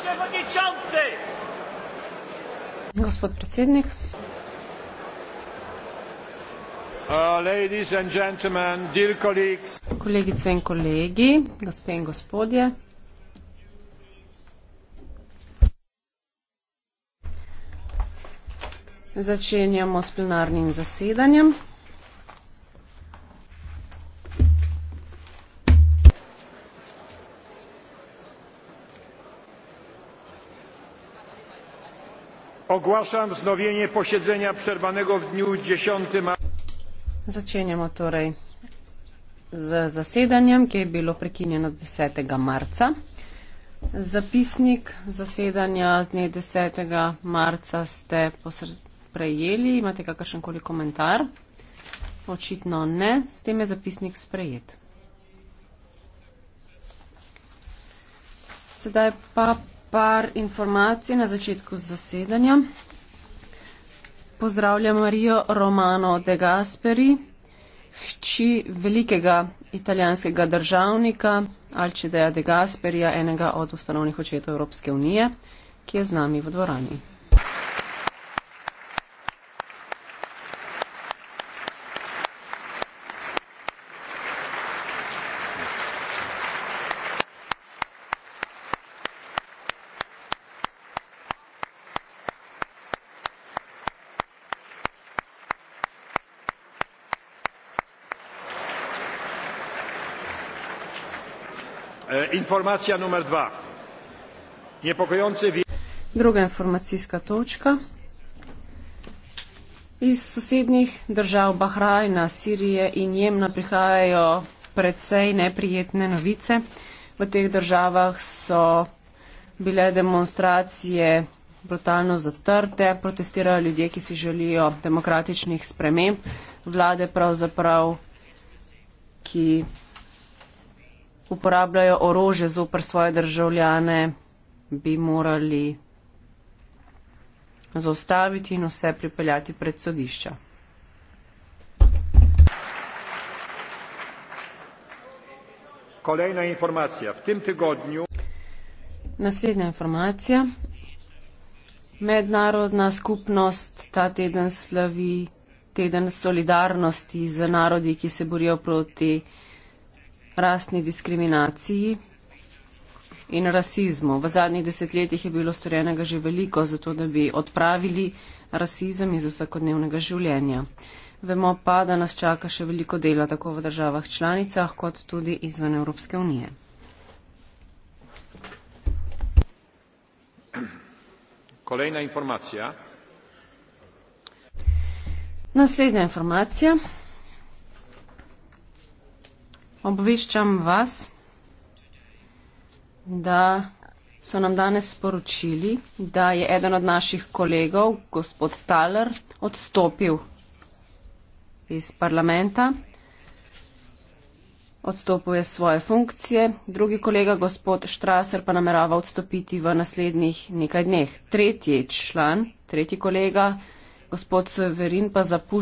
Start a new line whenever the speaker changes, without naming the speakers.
Przewodniczący! Gospod predsednik. Uh, and dear Kolegice in kolegi, gospe in gospodje. Začenjamo s plenarnim zasedanjem. Ogłaszam wznowienie posiedzenia przerwanego w dniu 10 marca. Začenjamo torej z zasedanjem, ki je bilo prekinjeno 10. marca. Zapisnik zasedanja z dne 10. marca ste prejeli. Imate kakršen koli komentar? Očitno ne. S tem je zapisnik sprejet. Sedaj pa par informacij na začetku zasedanja. Pozdravljam Marijo Romano de Gasperi, hči velikega italijanskega državnika Alcideja de Gasperija, enega od ustanovnih očetov Evropske unije, ki je z nami v dvorani. E, informacija numer dva. Niepokojące... Druga informacijska točka. Iz sosednjih držav Bahrajna, Sirije in Jemna prihajajo predvsej neprijetne novice. V teh državah so bile demonstracije brutalno zatrte, protestirajo ljudje, ki si želijo demokratičnih sprememb, vlade pravzaprav, ki uporabljajo orože zoper svoje državljane, bi morali zaustaviti in vse pripeljati pred sodišča. Kolejna informacija. V tem tegodnju. Naslednja informacija. Mednarodna skupnost ta teden slavi teden solidarnosti z narodi, ki se borijo proti rasni diskriminaciji in rasizmu. V zadnjih desetletjih je bilo storjenega že veliko za to, da bi odpravili rasizem iz vsakodnevnega življenja. Vemo pa, da nas čaka še veliko dela tako v državah članicah, kot tudi izven Evropske unije. Kolejna informacija. Naslednja informacija. Obveščam vas, da so nam danes sporočili, da je eden od naših kolegov, gospod Taler, odstopil iz parlamenta. Odstopil je svoje funkcije. Drugi kolega, gospod Štraser, pa namerava odstopiti v naslednjih nekaj dneh. Tretji član, tretji kolega, gospod Severin, pa zapušča.